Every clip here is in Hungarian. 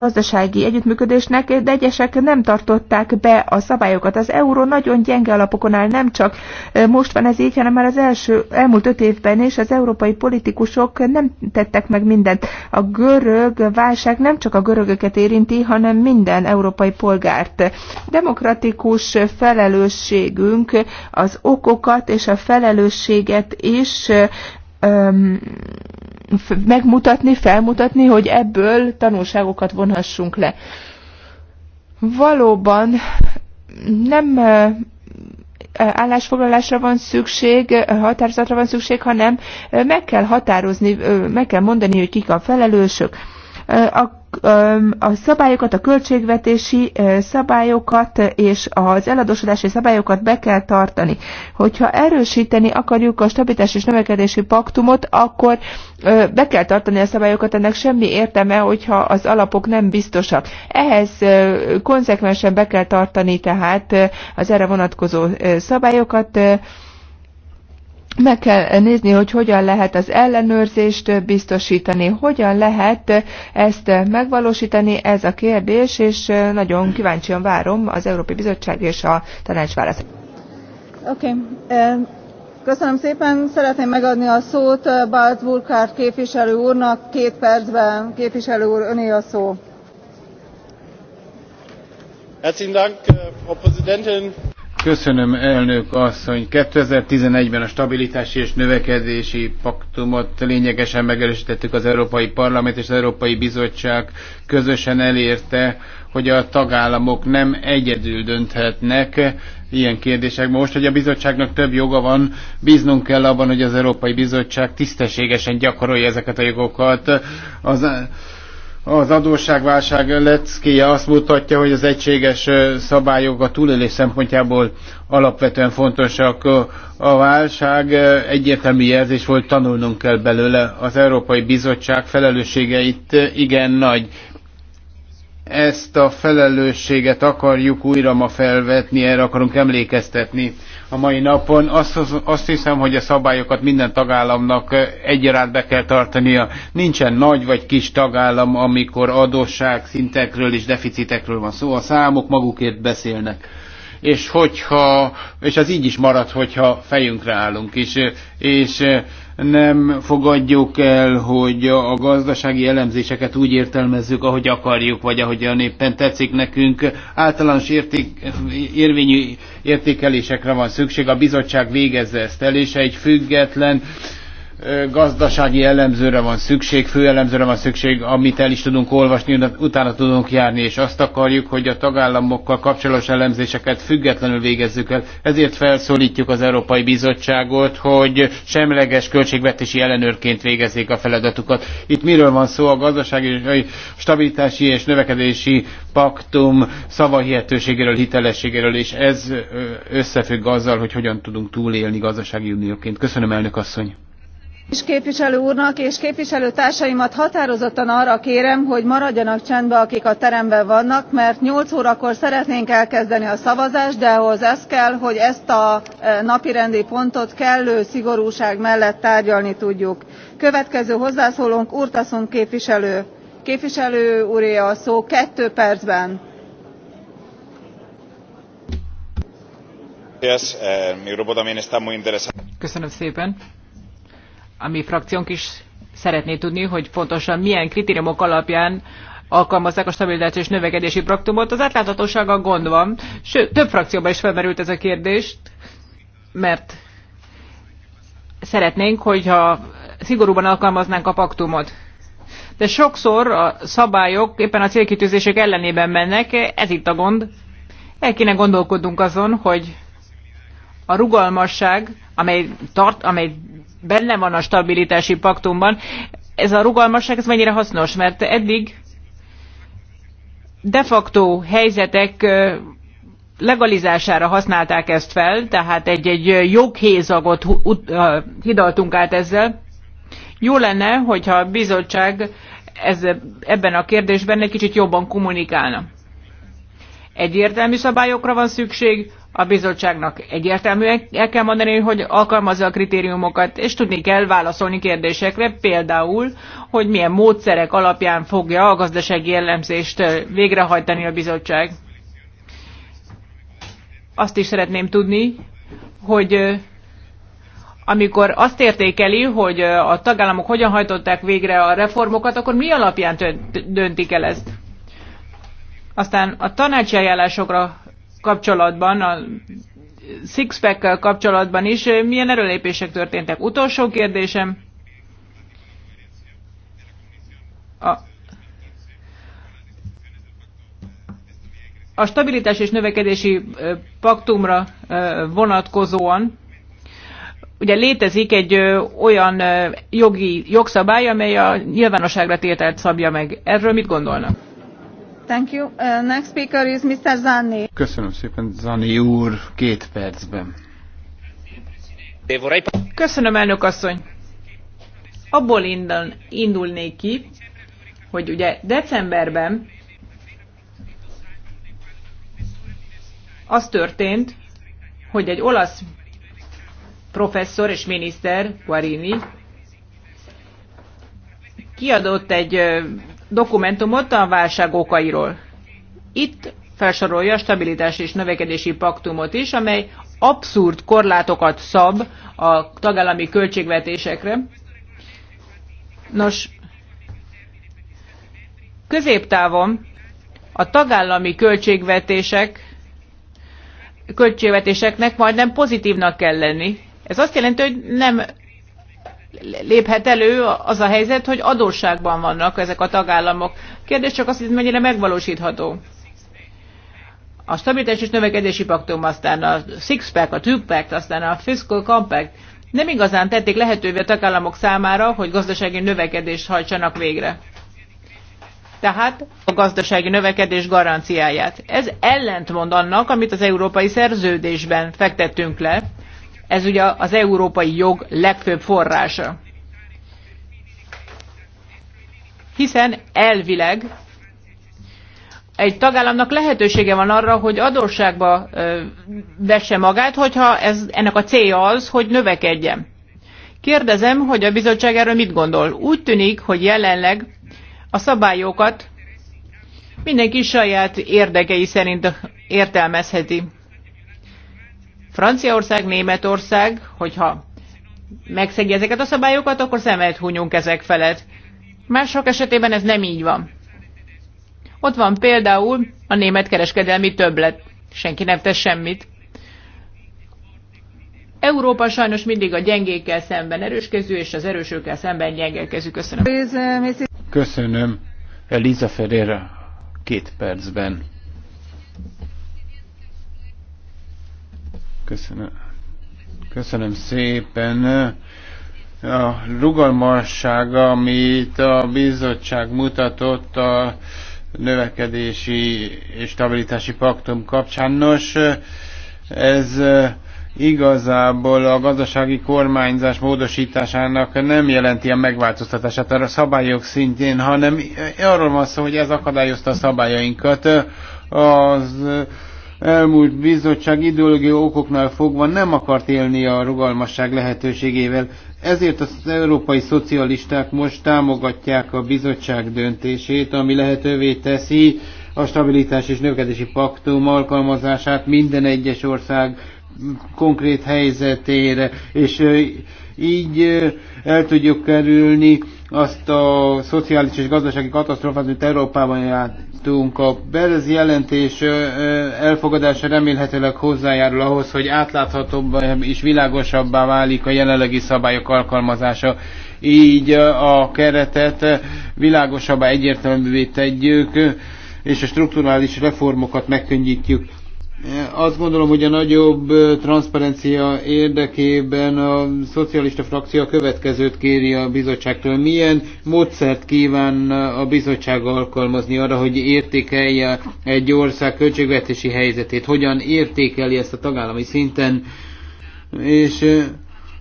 gazdasági együttműködésnek, de egyesek nem tartották be a szabályokat. Az euró nagyon gyenge alapokon áll, nem csak most van ez így, hanem már az első, elmúlt öt évben is az európai politikusok nem tettek meg mindent. A görög válság nem csak a görögöket érinti, hanem minden európai polgárt. Demokratikus felelősségünk az okokat és a felelősséget is öm, megmutatni, felmutatni, hogy ebből tanulságokat vonhassunk le. Valóban nem állásfoglalásra van szükség, határozatra van szükség, hanem meg kell határozni, meg kell mondani, hogy kik a felelősök a, a szabályokat, a költségvetési szabályokat és az eladósodási szabályokat be kell tartani. Hogyha erősíteni akarjuk a stabilitás és növekedési paktumot, akkor be kell tartani a szabályokat, ennek semmi értelme, hogyha az alapok nem biztosak. Ehhez konzekvensen be kell tartani tehát az erre vonatkozó szabályokat, meg kell nézni, hogy hogyan lehet az ellenőrzést biztosítani, hogyan lehet ezt megvalósítani, ez a kérdés, és nagyon kíváncsian várom az Európai Bizottság és a tanács válaszát. Oké, okay. Eh, köszönöm szépen. Szeretném megadni a szót eh, Bált Burkhardt képviselő úrnak. Két percben képviselő úr, öné a szó. Herzlichen Dank, eh, Frau Präsidentin. Köszönöm, elnök asszony. 2011-ben a stabilitási és növekedési paktumot lényegesen megerősítettük az Európai Parlament és az Európai Bizottság közösen elérte, hogy a tagállamok nem egyedül dönthetnek ilyen kérdések Most, hogy a bizottságnak több joga van, bíznunk kell abban, hogy az Európai Bizottság tisztességesen gyakorolja ezeket a jogokat. Az, az adósságválság leckéje azt mutatja, hogy az egységes szabályok a túlélés szempontjából alapvetően fontosak. A válság egyértelmű jelzés volt, tanulnunk kell belőle. Az Európai Bizottság felelőssége itt igen nagy ezt a felelősséget akarjuk újra ma felvetni, erre akarunk emlékeztetni a mai napon. Azt, azt hiszem, hogy a szabályokat minden tagállamnak eh, egyaránt be kell tartania. Nincsen nagy vagy kis tagállam, amikor adósság szintekről és deficitekről van szó. A számok magukért beszélnek és hogyha, és az így is marad, hogyha fejünkre állunk, és, és nem fogadjuk el, hogy a gazdasági elemzéseket úgy értelmezzük, ahogy akarjuk, vagy ahogyan éppen tetszik nekünk. Általános érték, érvényű értékelésekre van szükség, a bizottság végezze ezt el, és egy független gazdasági elemzőre van szükség, főelemzőre van szükség, amit el is tudunk olvasni, utána tudunk járni, és azt akarjuk, hogy a tagállamokkal kapcsolatos elemzéseket függetlenül végezzük el. Ezért felszólítjuk az Európai Bizottságot, hogy semleges költségvetési ellenőrként végezzék a feladatukat. Itt miről van szó? A gazdasági stabilitási és növekedési paktum szavahihetőségéről, hitelességéről, és ez összefügg azzal, hogy hogyan tudunk túlélni gazdasági unióként. Köszönöm, elnök asszony! és képviselő úrnak és képviselőtársaimat határozottan arra kérem hogy maradjanak csendben akik a teremben vannak mert eight órakor szeretnénk elkezdeni a szavazást de ahhoz az kell hogy ezt a e, napirendi pontot kellő szigorúság mellett tárgyalni tudjuk. következő hozzászólónk urtasun képviselő. képviselő úré a szó two percben. Eh, köszönöm szépen! a mi frakciónk is szeretné tudni, hogy pontosan milyen kritériumok alapján alkalmazzák a stabilitás és növekedési praktumot. Az átláthatósága gond van, sőt, több frakcióban is felmerült ez a kérdés, mert szeretnénk, hogyha szigorúban alkalmaznánk a paktumot. De sokszor a szabályok éppen a célkitűzések ellenében mennek, ez itt a gond. El kéne gondolkodnunk azon, hogy a rugalmasság, amely, tart, amely benne van a stabilitási paktumban. Ez a rugalmasság, ez mennyire hasznos, mert eddig de facto helyzetek legalizására használták ezt fel, tehát egy-egy joghézagot hidaltunk át ezzel. Jó lenne, hogyha a bizottság ez, ebben a kérdésben egy kicsit jobban kommunikálna egyértelmű szabályokra van szükség, a bizottságnak egyértelműen el kell mondani, hogy alkalmazza a kritériumokat, és tudni kell válaszolni kérdésekre, például, hogy milyen módszerek alapján fogja a gazdasági jellemzést végrehajtani a bizottság. Azt is szeretném tudni, hogy amikor azt értékeli, hogy a tagállamok hogyan hajtották végre a reformokat, akkor mi alapján döntik el ezt? Aztán a tanácsi kapcsolatban, a sixpack pack kapcsolatban is eh, milyen erőlépések történtek. Utolsó kérdésem. A, a stabilitás és növekedési eh, paktumra eh, vonatkozóan ugye létezik egy olyan jogi jogszabály, amely a nyilvánosságra tételt szabja meg. Erről mit gondolnak? Thank you. Uh, next speaker is Mr. Zanni. Köszönöm szépen, Zanni úr, két percben. Köszönöm, elnök asszony. Abból indul, indulnék ki, hogy ugye decemberben az történt, hogy egy olasz professzor és miniszter, Guarini, kiadott egy dokumentumot a válság okairól. Itt felsorolja a stabilitás és növekedési paktumot is, amely abszurd korlátokat szab a tagállami költségvetésekre. Nos, középtávon a tagállami költségvetések költségvetéseknek majdnem pozitívnak kell lenni. Ez azt jelenti, hogy nem léphet elő az a helyzet, hogy adósságban vannak ezek a tagállamok. Kérdés csak az, hogy mennyire megvalósítható. A stabilitás és növekedési paktum, aztán a six-pack, a two-pack, aztán a fiscal compact nem igazán tették lehetővé a tagállamok számára, hogy gazdasági növekedést hajtsanak végre. Tehát a gazdasági növekedés garanciáját. Ez ellentmond annak, amit az európai szerződésben fektettünk le, ez ugye az európai jog legfőbb forrása. Hiszen elvileg egy tagállamnak lehetősége van arra, hogy adósságba vesse magát, hogyha ez, ennek a célja az, hogy növekedjen. Kérdezem, hogy a bizottság erről mit gondol. Úgy tűnik, hogy jelenleg a szabályokat mindenki saját érdekei szerint értelmezheti. Franciaország, Németország, hogyha megszegi ezeket a szabályokat, akkor szemet hunyunk ezek felett. Mások esetében ez nem így van. Ott van például a német kereskedelmi többlet. Senki nem tesz semmit. Európa sajnos mindig a gyengékkel szemben erőskező, és az erősökkel szemben gyengelkező. Köszönöm. Köszönöm. Eliza Ferreira két percben. Köszönöm. Köszönöm szépen. A rugalmassága, amit a bizottság mutatott a növekedési és stabilitási paktum kapcsán, nos, ez igazából a gazdasági kormányzás módosításának nem jelenti a megváltoztatását a szabályok szintjén, hanem arról van szó, hogy ez akadályozta a szabályainkat. Az elmúlt bizottság ideológiai okoknál fogva nem akart élni a rugalmasság lehetőségével. Ezért az európai szocialisták most támogatják a bizottság döntését, ami lehetővé teszi a stabilitás és növekedési paktum alkalmazását minden egyes ország konkrét helyzetére, és így el tudjuk kerülni azt a szociális és gazdasági katasztrófát, amit Európában jártunk. A Berez jelentés elfogadása remélhetőleg hozzájárul ahhoz, hogy átláthatóbb és világosabbá válik a jelenlegi szabályok alkalmazása. Így a keretet világosabbá, egyértelművé tegyük, és a strukturális reformokat megkönnyítjük. Azt gondolom, hogy a nagyobb transzparencia érdekében a szocialista frakció a következőt kéri a bizottságtól. Milyen módszert kíván a bizottság alkalmazni arra, hogy értékelje egy ország költségvetési helyzetét? Hogyan értékeli ezt a tagállami szinten? És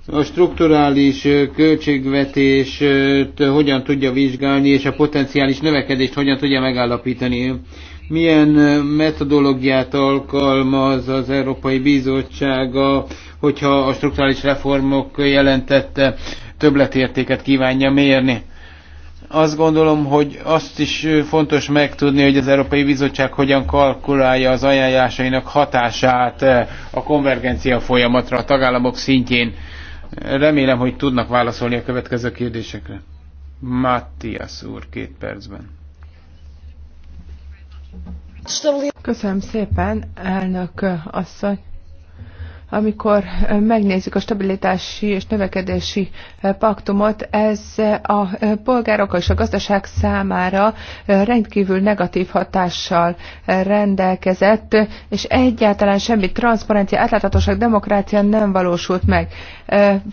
a strukturális költségvetést hogyan tudja vizsgálni, és a potenciális növekedést hogyan tudja megállapítani milyen metodológiát alkalmaz az Európai Bizottsága, hogyha a strukturális reformok jelentette többletértéket kívánja mérni. Azt gondolom, hogy azt is fontos megtudni, hogy az Európai Bizottság hogyan kalkulálja az ajánlásainak hatását a konvergencia folyamatra a tagállamok szintjén. Remélem, hogy tudnak válaszolni a következő kérdésekre. Matthias úr, két percben. Köszönöm szépen, elnök asszony. Amikor megnézzük a stabilitási és növekedési paktumot, ez a polgárok és a gazdaság számára rendkívül negatív hatással rendelkezett, és egyáltalán semmi transzparencia, átláthatóság, demokrácia nem valósult meg.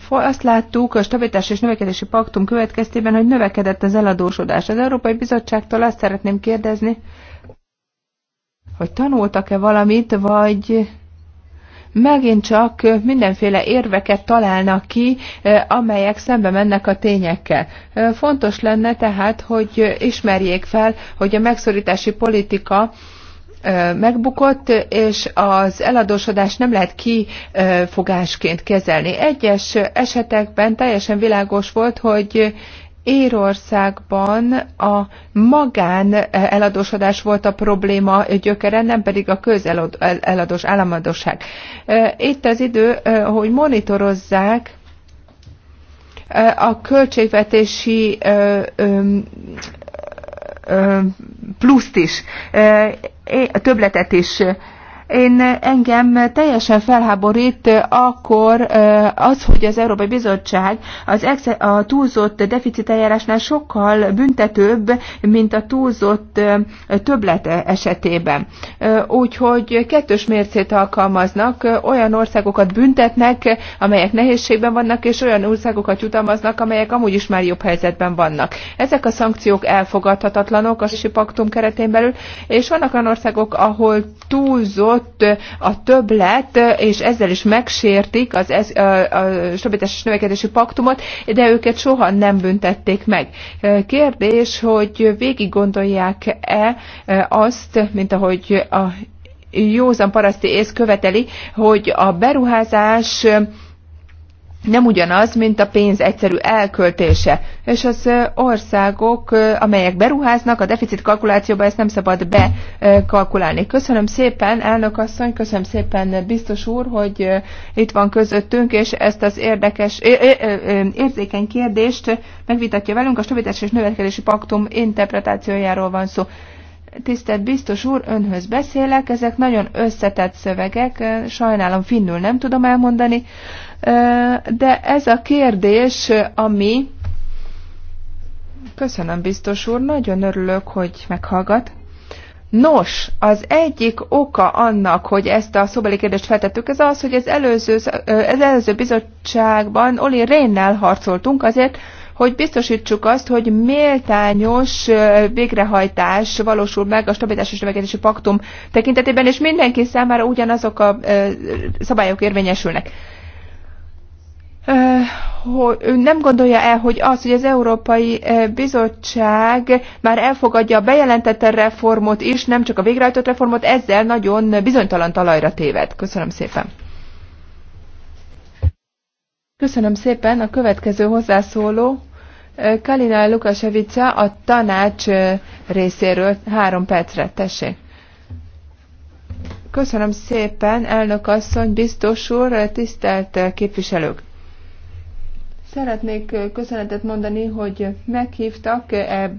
Azt láttuk a stabilitási és növekedési paktum következtében, hogy növekedett az eladósodás. Az Európai Bizottságtól azt szeretném kérdezni, hogy tanultak-e valamit, vagy megint csak mindenféle érveket találnak ki, amelyek szembe mennek a tényekkel. Fontos lenne tehát, hogy ismerjék fel, hogy a megszorítási politika megbukott, és az eladósodást nem lehet kifogásként kezelni. Egyes esetekben teljesen világos volt, hogy Érországban a magán eladósodás volt a probléma gyökere, nem pedig a közeladós államadóság. Itt az idő, hogy monitorozzák a költségvetési pluszt is, a is én eh, engem teljesen felháborít eh, akkor eh, az, hogy az Európai Bizottság az ex a túlzott deficiteljárásnál sokkal büntetőbb, mint a túlzott többlet esetében. Úgyhogy kettős mércét alkalmaznak, olyan országokat büntetnek, amelyek nehézségben vannak, és olyan országokat jutalmaznak, amelyek amúgy is már jobb helyzetben vannak. Ezek a szankciók elfogadhatatlanok a paktum keretén belül, és vannak olyan országok, ahol túlzott ott a többlet, és ezzel is megsértik az ez, a, a stabilitás és növekedési paktumot, de őket soha nem büntették meg. Kérdés, hogy végig gondolják-e azt, mint ahogy a józan paraszti ész követeli, hogy a beruházás nem ugyanaz, mint a pénz egyszerű elköltése. És az országok, amelyek beruháznak, a deficit kalkulációba ezt nem szabad bekalkulálni. Köszönöm szépen, elnök asszony, köszönöm szépen biztos úr, hogy itt van közöttünk, és ezt az érdekes, érzékeny kérdést megvitatja velünk. A stabilitás és növekedési paktum interpretációjáról van szó. Tisztelt biztos úr, önhöz beszélek, ezek nagyon összetett szövegek, sajnálom finnül nem tudom elmondani de ez a kérdés, ami... Köszönöm, biztos úr, nagyon örülök, hogy meghallgat. Nos, az egyik oka annak, hogy ezt a szóbeli kérdést feltettük, ez az, hogy az előző, az előző bizottságban Oli Rénnel harcoltunk azért, hogy biztosítsuk azt, hogy méltányos végrehajtás valósul meg a stabilitás és növekedési paktum tekintetében, és mindenki számára ugyanazok a szabályok érvényesülnek nem gondolja el, hogy az, hogy az Európai Bizottság már elfogadja a bejelentett reformot is, nem csak a végrehajtott reformot, ezzel nagyon bizonytalan talajra téved. Köszönöm szépen. Köszönöm szépen. A következő hozzászóló Kalina Lukasevica a tanács részéről három percre. Tessék. Köszönöm szépen, elnök asszony, biztos úr, tisztelt képviselők! Szeretnék köszönetet mondani, hogy meghívtak e-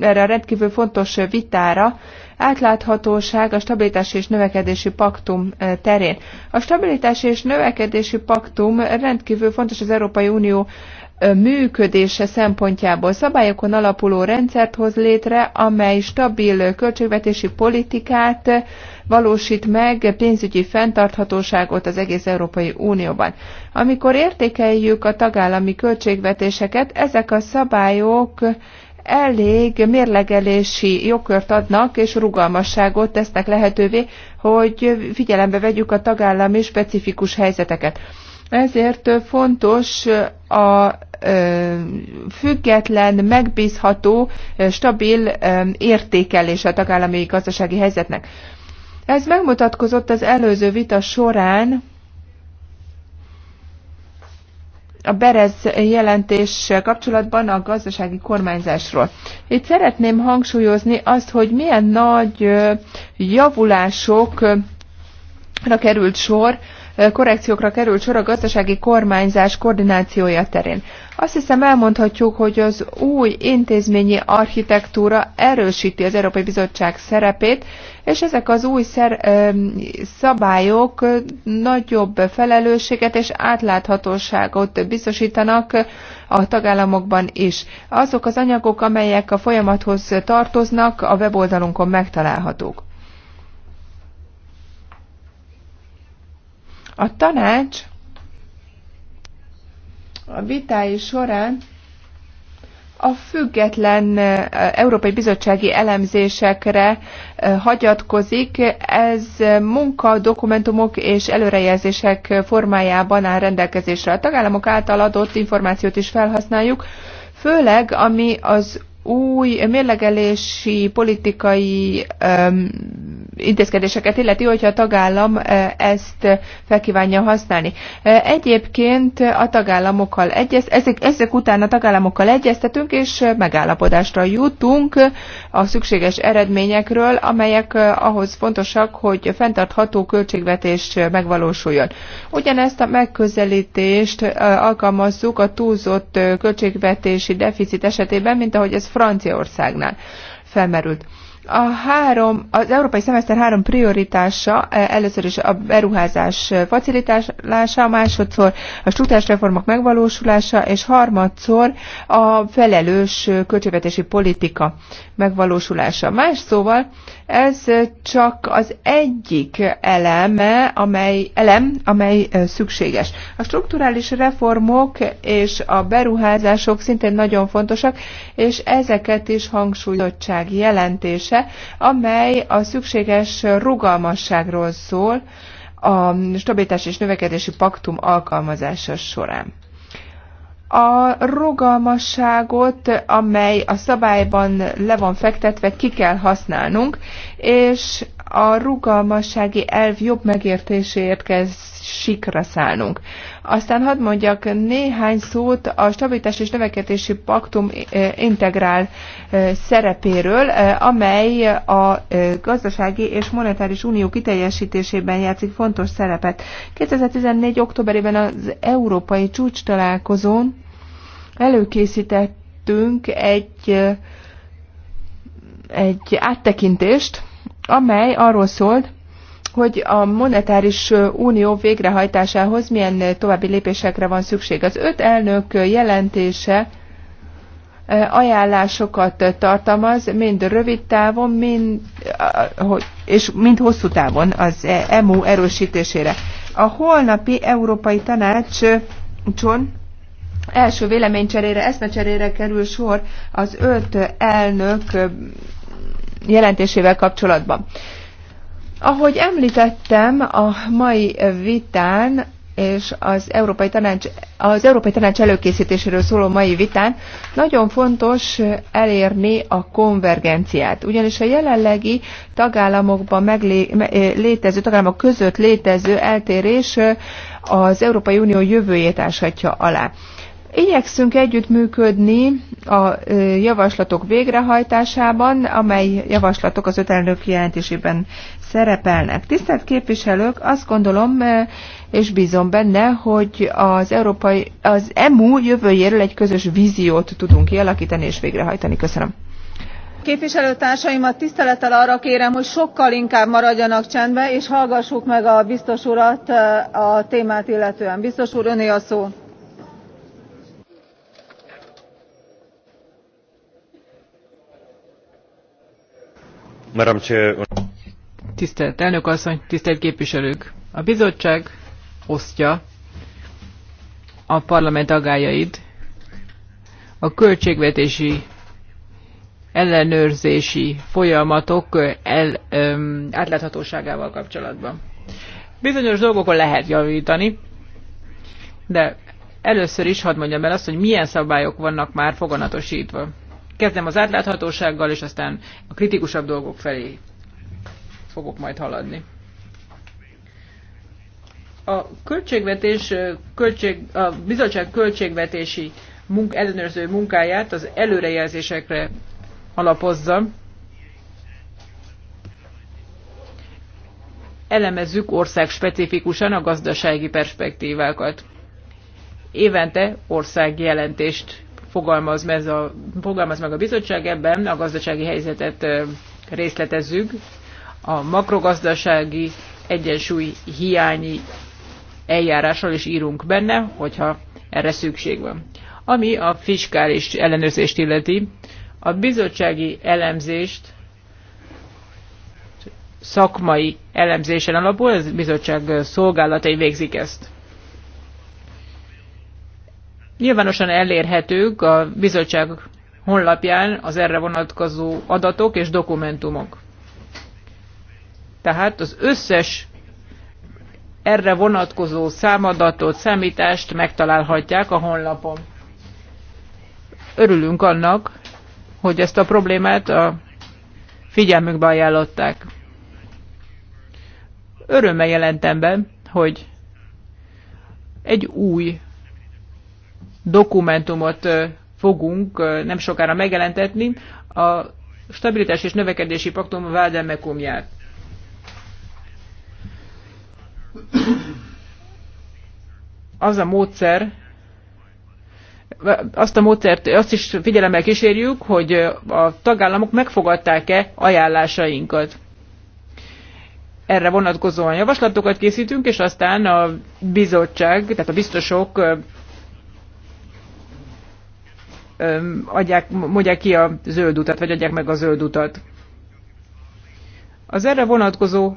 erre a rendkívül fontos vitára, átláthatóság a stabilitási és növekedési paktum terén. A stabilitási és növekedési paktum rendkívül fontos az Európai Unió működése szempontjából szabályokon alapuló rendszert hoz létre, amely stabil költségvetési politikát valósít meg pénzügyi fenntarthatóságot az egész Európai Unióban. Amikor értékeljük a tagállami költségvetéseket, ezek a szabályok elég mérlegelési jogkört adnak, és rugalmasságot tesznek lehetővé, hogy figyelembe vegyük a tagállami specifikus helyzeteket. Ezért fontos a független, megbízható, stabil értékelése a tagállami gazdasági helyzetnek. Ez megmutatkozott az előző vita során, a Berez jelentés kapcsolatban a gazdasági kormányzásról. Itt szeretném hangsúlyozni azt, hogy milyen nagy javulásokra került sor korrekciókra került sor a gazdasági kormányzás koordinációja terén. Azt hiszem elmondhatjuk, hogy az új intézményi architektúra erősíti az Európai Bizottság szerepét, és ezek az új szer, ö, szabályok nagyobb felelősséget és átláthatóságot biztosítanak a tagállamokban is. Azok az anyagok, amelyek a folyamathoz tartoznak, a weboldalunkon megtalálhatók. A tanács a vitái során a független eh, Európai Bizottsági elemzésekre eh, hagyatkozik. Ez munka, dokumentumok és előrejelzések formájában áll rendelkezésre. A tagállamok által adott információt is felhasználjuk, főleg ami az új mérlegelési politikai öm, intézkedéseket illeti, hogyha a tagállam e, ezt felkívánja használni. E, egyébként a tagállamokkal egyez, ezek, ezek után a tagállamokkal egyeztetünk, és megállapodásra jutunk a szükséges eredményekről, amelyek e, ahhoz fontosak, hogy fenntartható költségvetés megvalósuljon. Ugyanezt a megközelítést alkalmazzuk a túlzott költségvetési deficit esetében, mint ahogy ez Franciaországnál felmerült. A három, az európai szemeszter három prioritása, eh, először is a beruházás facilitálása, másodszor a struktúrás reformok megvalósulása, és harmadszor a felelős költségvetési politika megvalósulása. Más szóval ez csak az egyik eleme, amely, elem, amely eh, szükséges. A strukturális reformok és a beruházások szintén nagyon fontosak, és ezeket is hangsúlyozottság jelentése része, amely a szükséges rugalmasságról szól a stabilitás és növekedési paktum alkalmazása során. A rugalmasságot, amely a szabályban le van fektetve, ki kell használnunk, és a rugalmassági elv jobb megértéséért kell sikra szállnunk. Aztán hadd mondjak néhány szót a stabilitás és növekedési paktum integrál szerepéről, amely a gazdasági és monetáris unió kiteljesítésében játszik fontos szerepet. 2014. októberében az európai csúcs találkozón előkészítettünk egy, egy áttekintést, amely arról szólt, hogy a monetáris unió végrehajtásához milyen további lépésekre van szükség. Az öt elnök jelentése ajánlásokat tartalmaz, mind rövid távon, mind, és mind hosszú távon az e- EMU erősítésére. A holnapi Európai Tanácson első véleménycserére, eszmecserére kerül sor az öt elnök jelentésével kapcsolatban. Ahogy említettem, a mai vitán és az Európai Tanács, az Európai Tanács előkészítéséről szóló mai vitán nagyon fontos elérni a konvergenciát, ugyanis a jelenlegi tagállamokban meglé, eh, létező, tagállamok között létező eltérés eh, az Európai Unió jövőjét áshatja alá. Igyekszünk együttműködni a javaslatok végrehajtásában, amely javaslatok az öt elnök jelentésében szerepelnek. Tisztelt képviselők, azt gondolom és bízom benne, hogy az, európai, az EMU jövőjéről egy közös víziót tudunk kialakítani és végrehajtani. Köszönöm képviselőtársaimat tisztelettel arra kérem hogy sokkal inkább maradjanak csendben és hallgassuk meg a biztos urat a témát illetően. biztos úr öné a szó. Tisztelt elnök asszony, tisztelt képviselők! A bizottság osztja a parlament agájait a költségvetési ellenőrzési folyamatok el, öm, átláthatóságával kapcsolatban. Bizonyos dolgokon lehet javítani, de először is hadd mondjam el azt, hogy milyen szabályok vannak már foganatosítva kezdem az átláthatósággal, és aztán a kritikusabb dolgok felé fogok majd haladni. A költségvetés, költség, a bizottság költségvetési munk, ellenőrző munkáját az előrejelzésekre alapozza. Elemezzük ország specifikusan a gazdasági perspektívákat. Évente országjelentést fogalmaz, ez a, fogalmaz meg a bizottság, ebben a gazdasági helyzetet részletezzük. A makrogazdasági egyensúly hiányi eljárással is írunk benne, hogyha erre szükség van. Ami a fiskális ellenőrzést illeti, a bizottsági elemzést szakmai elemzésen alapul, ez bizottság szolgálatai végzik ezt. Nyilvánosan elérhetők a bizottság honlapján az erre vonatkozó adatok és dokumentumok. Tehát az összes erre vonatkozó számadatot, számítást megtalálhatják a honlapon. Örülünk annak, hogy ezt a problémát a figyelmükbe ajánlották. Örömmel jelentem be, hogy egy új dokumentumot fogunk nem sokára megjelentetni, a stabilitás és növekedési paktum vádemekumját. Az a módszer, azt a módszert, azt is figyelemmel kísérjük, hogy a tagállamok megfogadták-e ajánlásainkat. Erre vonatkozóan javaslatokat készítünk, és aztán a bizottság, tehát a biztosok adják, mondják ki a zöld utat, vagy adják meg a zöld utat. Az erre vonatkozó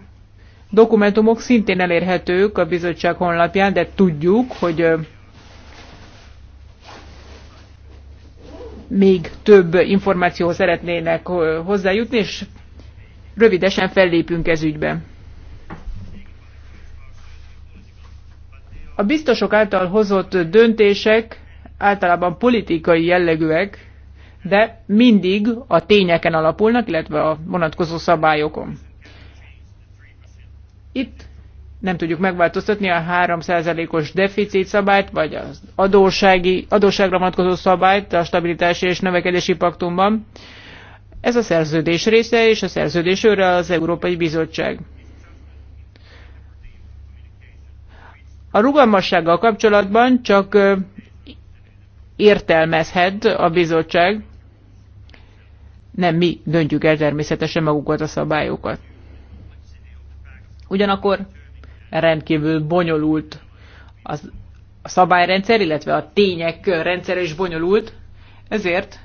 dokumentumok szintén elérhetők a bizottság honlapján, de tudjuk, hogy még több információhoz szeretnének hozzájutni, és rövidesen fellépünk ez ügybe. A biztosok által hozott döntések általában politikai jellegűek, de mindig a tényeken alapulnak, illetve a vonatkozó szabályokon. Itt nem tudjuk megváltoztatni a 3%-os deficit szabályt, vagy az adósági, adósságra vonatkozó szabályt a stabilitási és növekedési paktumban. Ez a szerződés része, és a szerződés őre az Európai Bizottság. A rugalmassággal kapcsolatban csak értelmezhet a bizottság. Nem mi döntjük el természetesen magukat a szabályokat. Ugyanakkor rendkívül bonyolult az a szabályrendszer, illetve a tények rendszer is bonyolult, ezért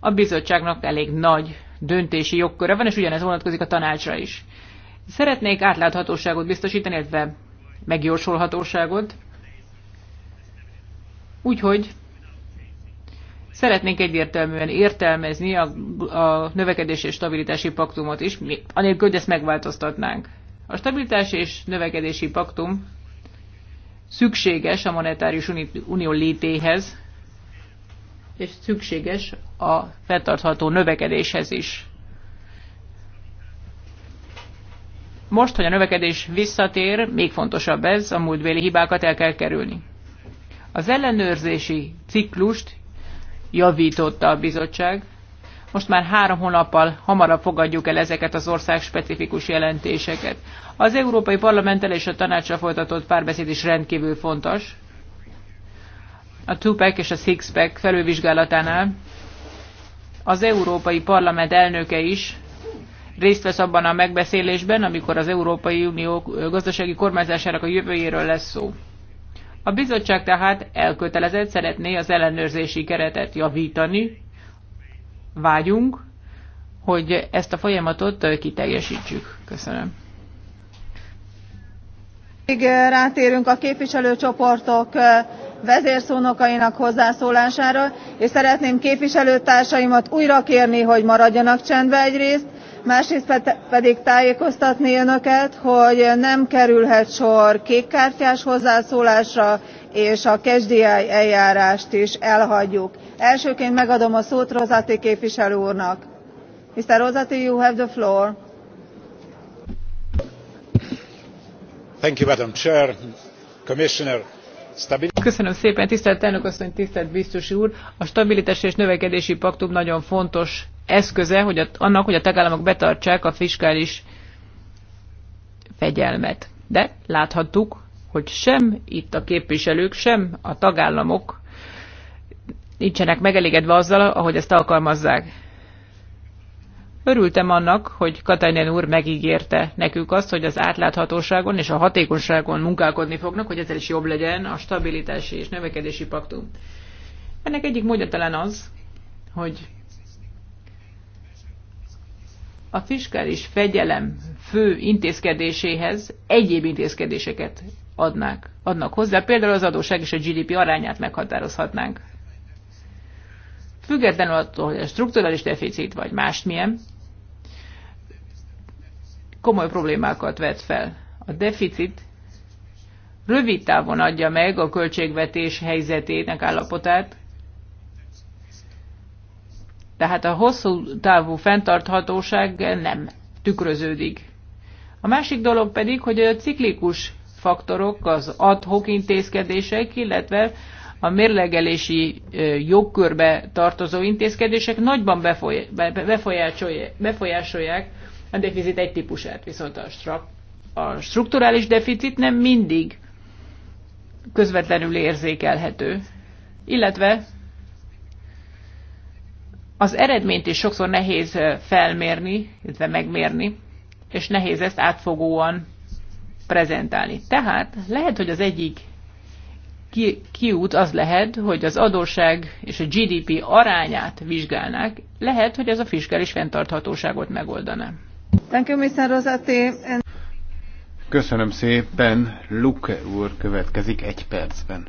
a bizottságnak elég nagy döntési jogköre van, és ugyanez vonatkozik a tanácsra is. Szeretnék átláthatóságot biztosítani, illetve megjósolhatóságot. Úgyhogy szeretnénk egyértelműen értelmezni a, a növekedés és stabilitási paktumot is, anélkül, hogy ezt megváltoztatnánk. A stabilitás és növekedési paktum szükséges a monetáris unió létéhez, és szükséges a fenntartható növekedéshez is. Most, hogy a növekedés visszatér, még fontosabb ez, a múltbéli hibákat el kell kerülni. Az ellenőrzési ciklust javította a bizottság. Most már három hónappal hamarabb fogadjuk el ezeket az ország specifikus jelentéseket. Az Európai Parlamenttel és a tanácsra folytatott párbeszéd is rendkívül fontos. A Tupac és a Sixpack felülvizsgálatánál az Európai Parlament elnöke is részt vesz abban a megbeszélésben, amikor az Európai Unió gazdasági kormányzásának a jövőjéről lesz szó. A bizottság tehát elkötelezett, szeretné az ellenőrzési keretet javítani. Vágyunk, hogy ezt a folyamatot kiteljesítsük. Köszönöm. Még rátérünk a képviselőcsoportok vezérszónokainak hozzászólására és szeretném képviselőtársaimat újra kérni hogy maradjanak csendben egyrészt másrészt pedig tájékoztatni önöket hogy nem kerülhet sor kékkártyás hozzászólásra és a catch the eye eljárást is elhagyjuk. elsőként megadom a szót rosati képviselő úrnak. mr rosati you have the floor. Thank you, madam president commissioner Köszönöm szépen, tisztelt elnök asszony, tisztelt biztos úr. A stabilitás és növekedési paktum nagyon fontos eszköze hogy a, annak, hogy a tagállamok betartsák a fiskális fegyelmet. De láthattuk, hogy sem itt a képviselők, sem a tagállamok nincsenek megelégedve azzal, ahogy ezt alkalmazzák. Örültem annak, hogy Katajnen úr megígérte nekünk azt, hogy az átláthatóságon és a hatékonyságon munkálkodni fognak, hogy ezzel is jobb legyen a stabilitási és növekedési paktum. Ennek egyik módja talán az, hogy a fiskális fegyelem fő intézkedéséhez egyéb intézkedéseket adnák, adnak hozzá, például az adóság és a GDP arányát meghatározhatnánk függetlenül attól, hogy a strukturális deficit vagy másmilyen, komoly problémákat vet fel. A deficit rövid távon adja meg a költségvetés helyzetének állapotát, tehát a hosszú távú fenntarthatóság nem tükröződik. A másik dolog pedig, hogy a ciklikus faktorok, az adhok intézkedések, illetve a mérlegelési jogkörbe tartozó intézkedések nagyban befolyásolják a deficit egy típusát, viszont a, stra- a strukturális deficit nem mindig közvetlenül érzékelhető, illetve az eredményt is sokszor nehéz felmérni, illetve megmérni, és nehéz ezt átfogóan prezentálni. Tehát lehet, hogy az egyik kiút az lehet, hogy az adóság és a GDP arányát vizsgálnák, lehet, hogy ez a fiskális fenntarthatóságot megoldaná. Köszönöm szépen, Luke úr következik egy percben.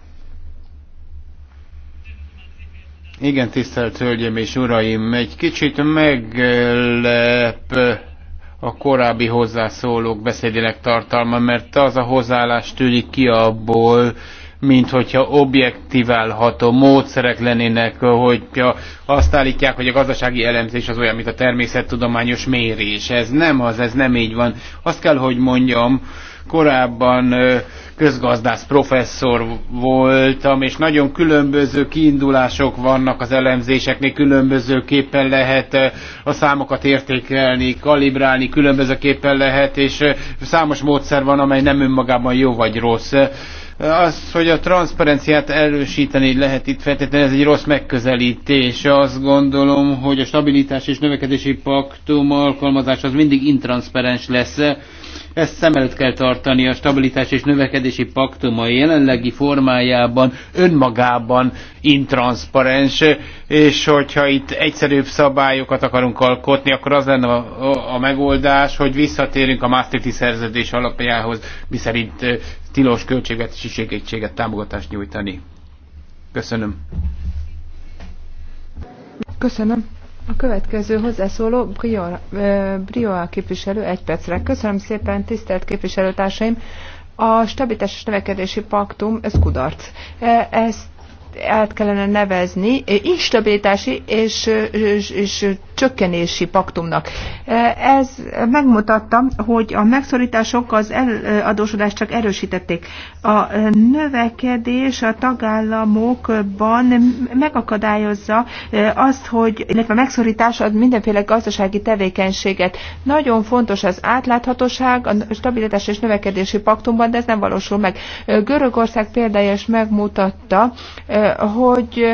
Igen, tisztelt Hölgyeim és Uraim, egy kicsit meglep a korábbi hozzászólók beszédének tartalma, mert az a hozzáállás tűnik ki abból, mint hogyha objektíválható módszerek lennének, hogy azt állítják, hogy a gazdasági elemzés az olyan, mint a természettudományos mérés. Ez nem az, ez nem így van. Azt kell, hogy mondjam, korábban közgazdász professzor voltam, és nagyon különböző kiindulások vannak az elemzéseknél, különbözőképpen lehet a számokat értékelni, kalibrálni, különbözőképpen lehet, és számos módszer van, amely nem önmagában jó vagy rossz. Az, hogy a transzparenciát erősíteni lehet itt feltétlenül, ez egy rossz megközelítés. Azt gondolom, hogy a stabilitás és növekedési paktum alkalmazás az mindig intranszparens lesz. Ezt szem előtt kell tartani, a stabilitás és növekedési paktum a jelenlegi formájában önmagában intranszparens, és hogyha itt egyszerűbb szabályokat akarunk alkotni, akkor az lenne a, a, a megoldás, hogy visszatérünk a Maastrichti szerződés alapjához, miszerint tilos és segítséget, támogatást nyújtani. Köszönöm. Köszönöm. A következő hozzászóló Brioa Brio képviselő egy percre. Köszönöm szépen, tisztelt képviselőtársaim! A stabilitás és növekedési paktum, ez kudarc. Ezt át kellene nevezni eh, instabilitási és, eh, és, és csökkenési paktumnak. Eh, ez megmutatta, hogy a megszorítások az eladósodást csak erősítették. A növekedés a tagállamokban megakadályozza azt, hogy, illetve a megszorítás ad mindenféle gazdasági tevékenységet. Nagyon fontos az átláthatóság a stabilitás és növekedési paktumban, de ez nem valósul meg. Görögország példája is megmutatta, hogy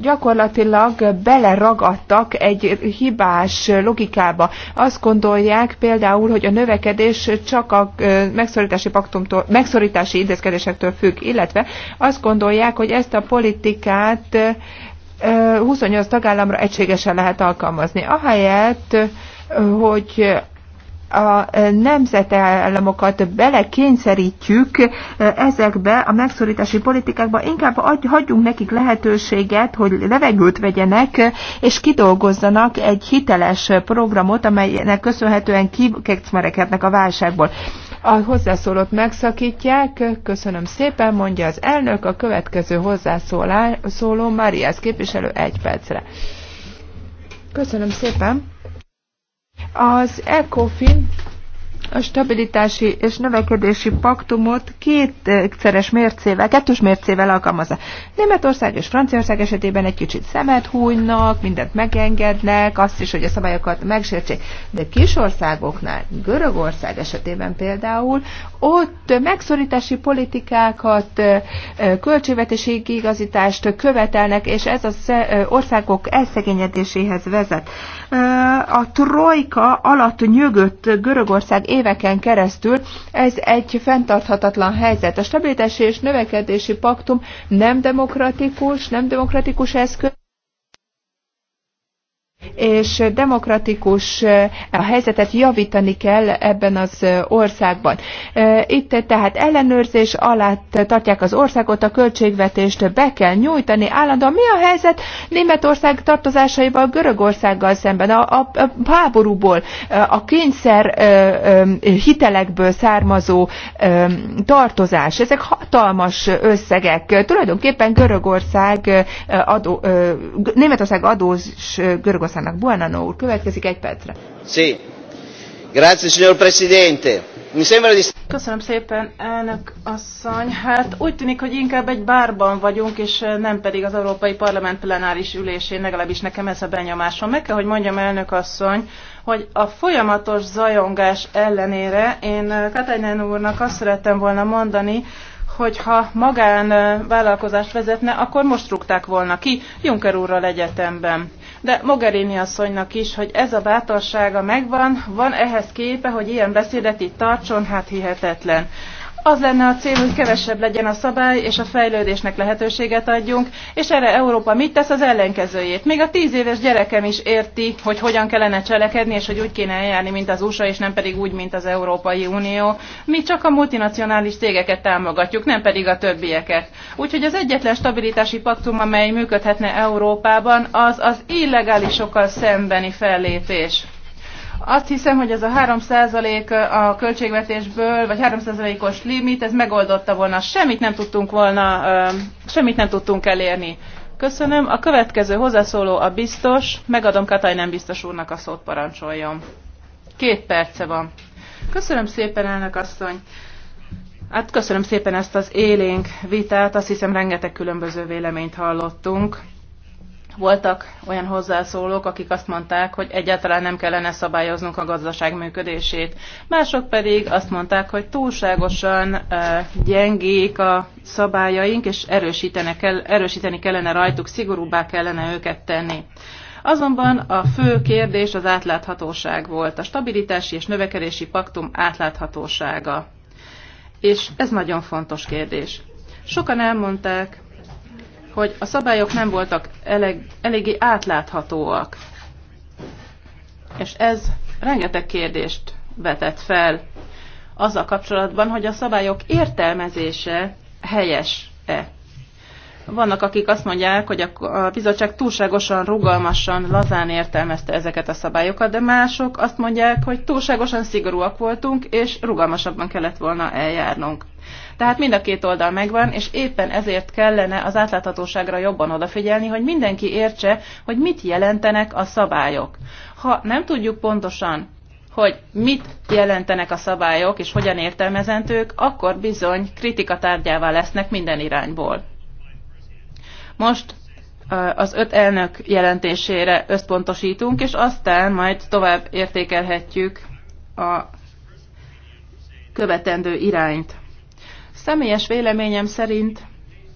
gyakorlatilag beleragadtak egy hibás logikába. Azt gondolják például, hogy a növekedés csak a megszorítási, paktumtól, megszorítási intézkedésektől függ, illetve azt gondolják, hogy ezt a politikát 28 tagállamra egységesen lehet alkalmazni. Ahelyett, hogy a nemzetállamokat belekényszerítjük ezekbe a megszorítási politikákba, inkább hagyjunk nekik lehetőséget, hogy levegőt vegyenek, és kidolgozzanak egy hiteles programot, amelynek köszönhetően kikecmerekednek a válságból. A hozzászólót megszakítják, köszönöm szépen, mondja az elnök, a következő hozzászóló Mariász képviselő egy percre. Köszönöm szépen! Az ECOFIN a stabilitási és növekedési paktumot kétszeres mércével, kettős mércével alkalmazza. Németország és Franciaország esetében egy kicsit szemet hújnak, mindent megengednek, azt is, hogy a szabályokat megsértsék. De kis országoknál, Görögország esetében például, ott megszorítási politikákat, költségvetési igazítást követelnek, és ez az országok elszegényedéséhez vezet. A trojka alatt nyögött Görögország éveken keresztül. Ez egy fenntarthatatlan helyzet. A stabilitási és növekedési paktum nem demokratikus, nem demokratikus eszköz és demokratikus eh, a helyzetet javítani kell ebben az eh, országban. Eh, itt tehát ellenőrzés alatt tartják az országot, a költségvetést be kell nyújtani állandóan. Mi a helyzet Németország tartozásaival Görögországgal szemben, a, a, a háborúból, a kényszer hitelekből származó tartozás? Ezek hatalmas összegek. Tulajdonképpen Görögország adó, Németország adós Görögország országnak. Buonanno úr, következik egy percre. Sí. Grazie, signor Presidente. Mi sembra di... Köszönöm szépen, elnök asszony. Hát úgy tűnik, hogy inkább egy bárban vagyunk, és nem pedig az Európai Parlament plenáris ülésén, legalábbis nekem ez a benyomásom. Meg kell, hogy mondjam, elnök asszony, hogy a folyamatos zajongás ellenére én eh, Katajnán úrnak azt szerettem volna mondani, hogyha ha magán eh, vállalkozást vezetne, akkor most rúgták volna ki Juncker úrral egyetemben de Mogherini asszonynak is, hogy ez a bátorsága megvan, van ehhez képe, hogy ilyen beszédet itt tartson, hát hihetetlen. Az lenne a cél, hogy kevesebb legyen a szabály, és a fejlődésnek lehetőséget adjunk, és erre Európa mit tesz az ellenkezőjét. Még a tíz éves gyerekem is érti, hogy hogyan kellene cselekedni, és hogy úgy kéne eljárni, mint az USA, és nem pedig úgy, mint az Európai Unió. Mi csak a multinacionális cégeket támogatjuk, nem pedig a többieket. Úgyhogy az egyetlen stabilitási paktum, amely működhetne Európában, az az illegálisokkal szembeni fellépés. Azt hiszem, hogy ez a 3% a költségvetésből, vagy 3%-os limit, ez megoldotta volna. Semmit nem tudtunk volna, semmit nem tudtunk elérni. Köszönöm. A következő hozzászóló a biztos. Megadom Kataj nem biztos úrnak a szót parancsoljon. Két perce van. Köszönöm szépen, elnök asszony. Hát köszönöm szépen ezt az élénk vitát. Azt hiszem, rengeteg különböző véleményt hallottunk. Voltak olyan hozzászólók, akik azt mondták, hogy egyáltalán nem kellene szabályoznunk a gazdaság működését. Mások pedig azt mondták, hogy túlságosan gyengék a szabályaink, és erősítenek kell, erősíteni kellene rajtuk, szigorúbbá kellene őket tenni. Azonban a fő kérdés az átláthatóság volt, a stabilitási és növekedési paktum átláthatósága. És ez nagyon fontos kérdés. Sokan elmondták, hogy a szabályok nem voltak eleg, eléggé átláthatóak. És ez rengeteg kérdést vetett fel azzal kapcsolatban, hogy a szabályok értelmezése helyes-e. Vannak, akik azt mondják, hogy a bizottság túlságosan rugalmasan, lazán értelmezte ezeket a szabályokat, de mások azt mondják, hogy túlságosan szigorúak voltunk, és rugalmasabban kellett volna eljárnunk. Tehát mind a két oldal megvan, és éppen ezért kellene az átláthatóságra jobban odafigyelni, hogy mindenki értse, hogy mit jelentenek a szabályok. Ha nem tudjuk pontosan, hogy mit jelentenek a szabályok és hogyan értelmezentők, akkor bizony kritika tárgyává lesznek minden irányból. Most az öt elnök jelentésére összpontosítunk, és aztán majd tovább értékelhetjük a követendő irányt. Személyes véleményem szerint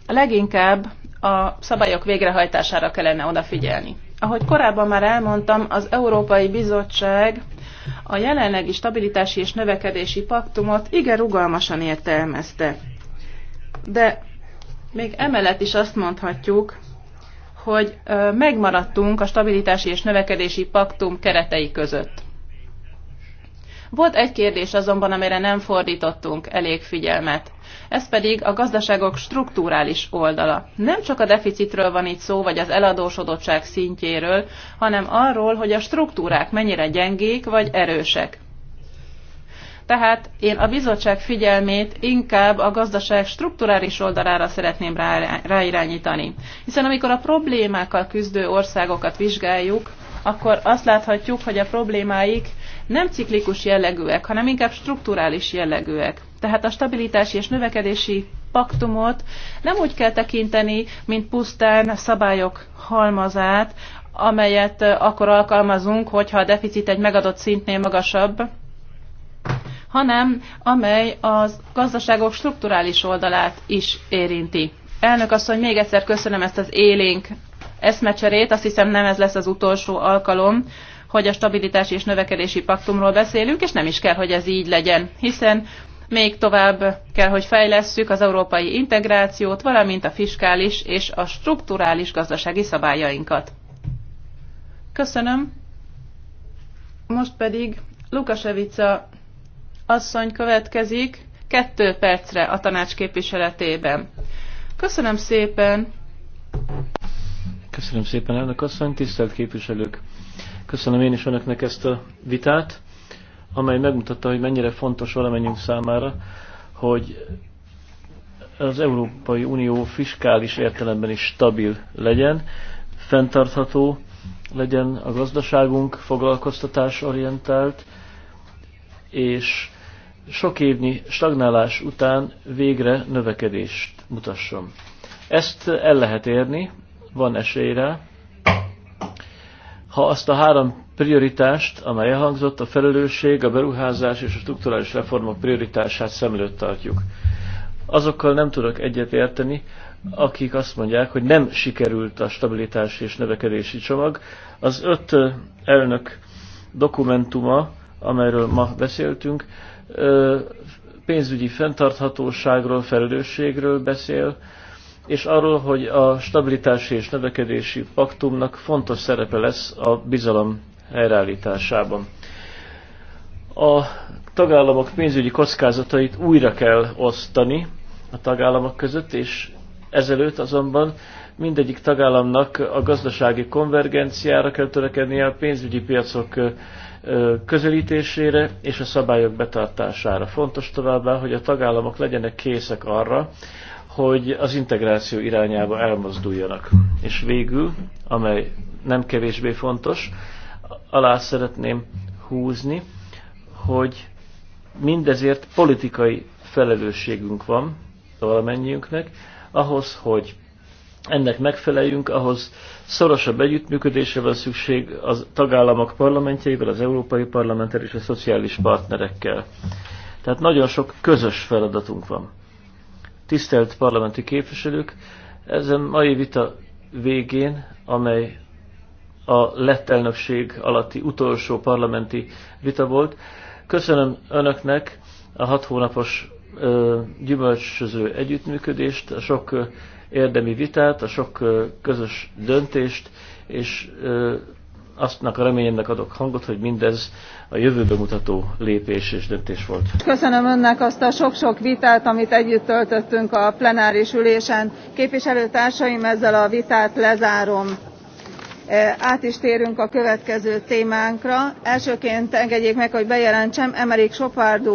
leginkább a szabályok végrehajtására kellene odafigyelni. Ahogy korábban már elmondtam, az Európai Bizottság a jelenlegi stabilitási és növekedési paktumot igen rugalmasan értelmezte. De még emellett is azt mondhatjuk, hogy megmaradtunk a stabilitási és növekedési paktum keretei között. Volt egy kérdés azonban, amire nem fordítottunk elég figyelmet. Ez pedig a gazdaságok strukturális oldala. Nem csak a deficitről van itt szó, vagy az eladósodottság szintjéről, hanem arról, hogy a struktúrák mennyire gyengék vagy erősek. Tehát én a bizottság figyelmét inkább a gazdaság strukturális oldalára szeretném rá, ráirányítani. Hiszen amikor a problémákkal küzdő országokat vizsgáljuk, akkor azt láthatjuk, hogy a problémáik nem ciklikus jellegűek, hanem inkább strukturális jellegűek. Tehát a stabilitási és növekedési paktumot nem úgy kell tekinteni, mint pusztán szabályok halmazát, amelyet eh, akkor alkalmazunk, hogyha a deficit egy megadott szintnél magasabb, hanem amely az gazdaságok strukturális oldalát is érinti. Elnök asszony, még egyszer köszönöm ezt az élénk eszmecserét, azt hiszem nem ez lesz az utolsó alkalom, hogy a stabilitási és növekedési paktumról beszélünk, és nem is kell, hogy ez így legyen, hiszen még tovább kell, hogy fejlesszük az európai integrációt, valamint a fiskális és a strukturális gazdasági szabályainkat. Köszönöm. Most pedig Lukasevica asszony következik kettő percre a tanács képviseletében. Köszönöm szépen! Köszönöm szépen, elnök asszony, tisztelt képviselők! Köszönöm én is önöknek ezt a vitát, amely megmutatta, hogy mennyire fontos valamennyünk számára, hogy az Európai Unió fiskális értelemben is stabil legyen, fenntartható legyen a gazdaságunk, foglalkoztatás orientált, és sok évnyi stagnálás után végre növekedést mutasson. Ezt el lehet érni, van esélyre, ha azt a három prioritást, amely elhangzott, a felelősség, a beruházás és a strukturális reformok prioritását szem előtt tartjuk. Azokkal nem tudok egyet érteni, akik azt mondják, hogy nem sikerült a stabilitás és növekedési csomag. Az öt elnök dokumentuma, amelyről ma beszéltünk, pénzügyi fenntarthatóságról, felelősségről beszél, és arról, hogy a stabilitási és növekedési paktumnak fontos szerepe lesz a bizalom helyreállításában. A tagállamok pénzügyi kockázatait újra kell osztani a tagállamok között, és ezelőtt azonban mindegyik tagállamnak a gazdasági konvergenciára kell törekednie, a pénzügyi piacok közelítésére és a szabályok betartására. Fontos továbbá, hogy a tagállamok legyenek készek arra, hogy az integráció irányába elmozduljanak. És végül, amely nem kevésbé fontos, alá szeretném húzni, hogy mindezért politikai felelősségünk van valamennyiünknek, ahhoz, hogy ennek megfeleljünk, ahhoz szorosabb együttműködésre van szükség az tagállamok parlamentjeivel, az Európai Parlamenttel és a szociális partnerekkel. Tehát nagyon sok közös feladatunk van. Tisztelt parlamenti képviselők, ezen mai vita végén, amely a lett elnökség alatti utolsó parlamenti vita volt, köszönöm önöknek a hat hónapos gyümölcsöző együttműködést, a sok érdemi vitát, a sok közös döntést, és aztnak a reményemnek adok hangot, hogy mindez a jövőbe mutató lépés és döntés volt. Köszönöm önnek azt a sok-sok vitát, amit együtt töltöttünk a plenáris ülésen. Képviselőtársaim, ezzel a vitát lezárom. Át is térünk a következő témánkra. Elsőként engedjék meg, hogy bejelentsem, Emerik Sopárdú